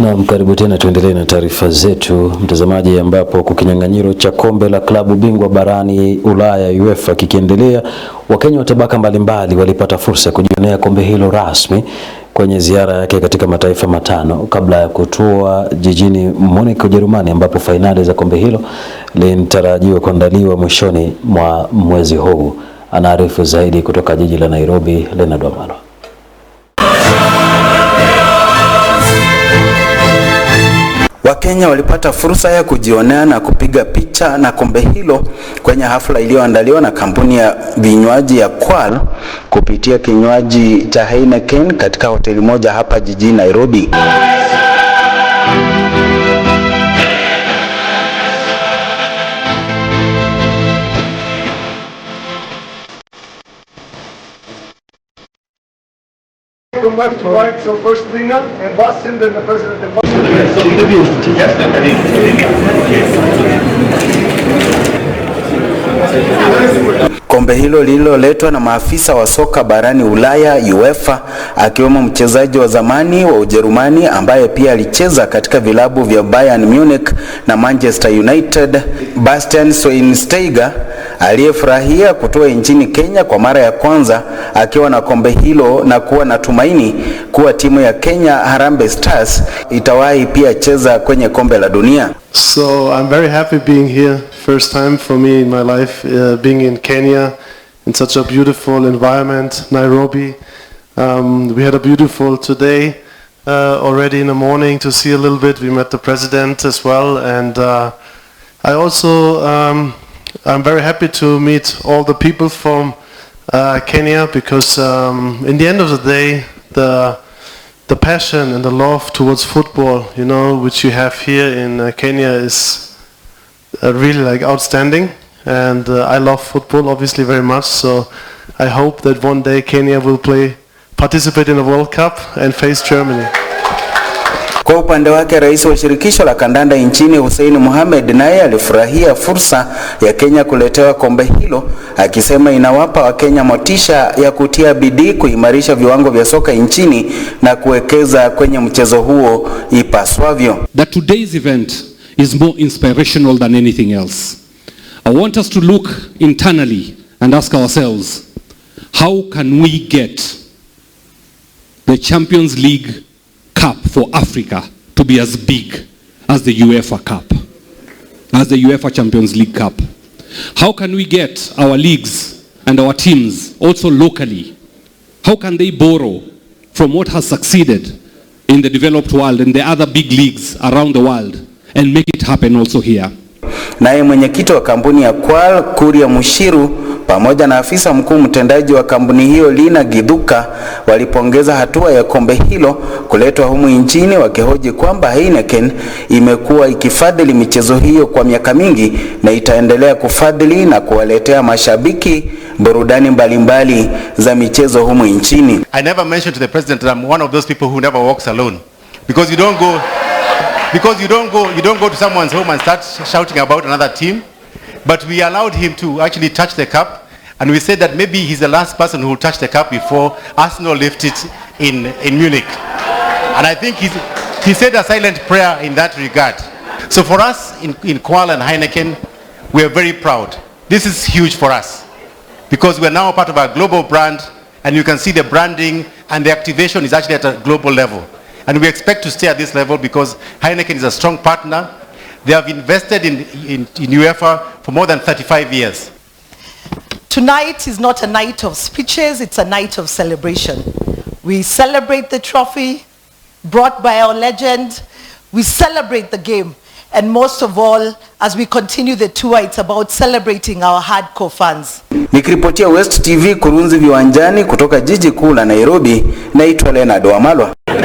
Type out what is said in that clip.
Na mkaribu tena, tuendelee na taarifa zetu mtazamaji, ambapo kukinyang'anyiro kinyang'anyiro cha kombe la klabu bingwa barani Ulaya UEFA kikiendelea, Wakenya wa tabaka mbalimbali walipata fursa ya kujionea kombe hilo rasmi kwenye ziara yake katika mataifa matano kabla ya kutua jijini Munich, Ujerumani, ambapo fainali za kombe hilo linatarajiwa kuandaliwa mwishoni mwa mwezi huu. Anaarifu zaidi kutoka jiji la Nairobi, Leonard Wamalo. Wakenya walipata fursa ya kujionea na kupiga picha na kombe hilo kwenye hafla iliyoandaliwa na kampuni ya vinywaji ya Kwal kupitia kinywaji cha Heineken katika hoteli moja hapa jijini Nairobi. from left to right, so first Lena and Boston, then the president and Basim. Kombe hilo lililoletwa na maafisa wa soka barani Ulaya UEFA, akiwemo mchezaji wa zamani wa Ujerumani ambaye pia alicheza katika vilabu vya Bayern Munich na Manchester United, Bastian Schweinsteiger aliyefurahia kutoa nchini Kenya kwa mara ya kwanza akiwa na kombe hilo na kuwa na tumaini kuwa timu ya Kenya Harambee Stars itawahi pia cheza kwenye kombe la dunia. So I'm very happy being here first time for me in my life uh, being in Kenya in such a beautiful environment Nairobi. Um, we had a beautiful today uh, already in the morning to see a little bit. We met the president as well and uh, I also um, I'm very happy to meet all the people from uh, Kenya because um, in the end of the day, the the passion and the love towards football, you know, which you have here in uh, Kenya is uh, really like outstanding. And uh, I love football, obviously, very much. So I hope that one day Kenya will play, participate in a World Cup, and face Germany. Kwa upande wake, rais wa shirikisho la kandanda nchini Hussein Mohamed naye alifurahia fursa ya Kenya kuletewa kombe hilo, akisema inawapa Wakenya motisha ya kutia bidii kuimarisha viwango vya soka nchini na kuwekeza kwenye mchezo huo ipaswavyo. That today's event is more inspirational than anything else. I want us to look internally and ask ourselves, how can we get the Champions League cup for Africa to be as big as the UEFA Cup, as the UEFA Champions League Cup? How can we get our leagues and our teams also locally? How can they borrow from what has succeeded in the developed world and the other big leagues around the world and make it happen also here? Naye mwenyekiti wa kampuni ya Kwal Kuria Mushiru pamoja na afisa mkuu mtendaji wa kampuni hiyo Lina Gidhuka walipongeza hatua ya kombe hilo kuletwa humu nchini, wakihoji kwamba Heineken imekuwa ikifadhili michezo hiyo kwa miaka mingi na itaendelea kufadhili na kuwaletea mashabiki burudani mbalimbali mbali za michezo humu nchini. I never mentioned to the president that I'm one of those people who never walks alone because you don't go because you don't go you don't go to someone's home and start shouting about another team But we allowed him to actually touch the cup, and we said that maybe he's the last person who will touch the cup before Arsenal left it in, in Munich. And I think he's, he said a silent prayer in that regard. So for us in, in Kuala and Heineken, we are very proud. This is huge for us because we're now part of a global brand and you can see the branding and the activation is actually at a global level. And we expect to stay at this level because Heineken is a strong partner they have invested in, in, in UEFA for more than 35 years. Tonight is not a night of speeches, it's a night of celebration. We celebrate the trophy brought by our legend. We celebrate the game. And most of all, as we continue the tour, it's about celebrating our hardcore fans. Nikiripotia West TV kurunzi viwanjani kutoka jiji Kula Nairobi, naitwa Leonard Wamalwa.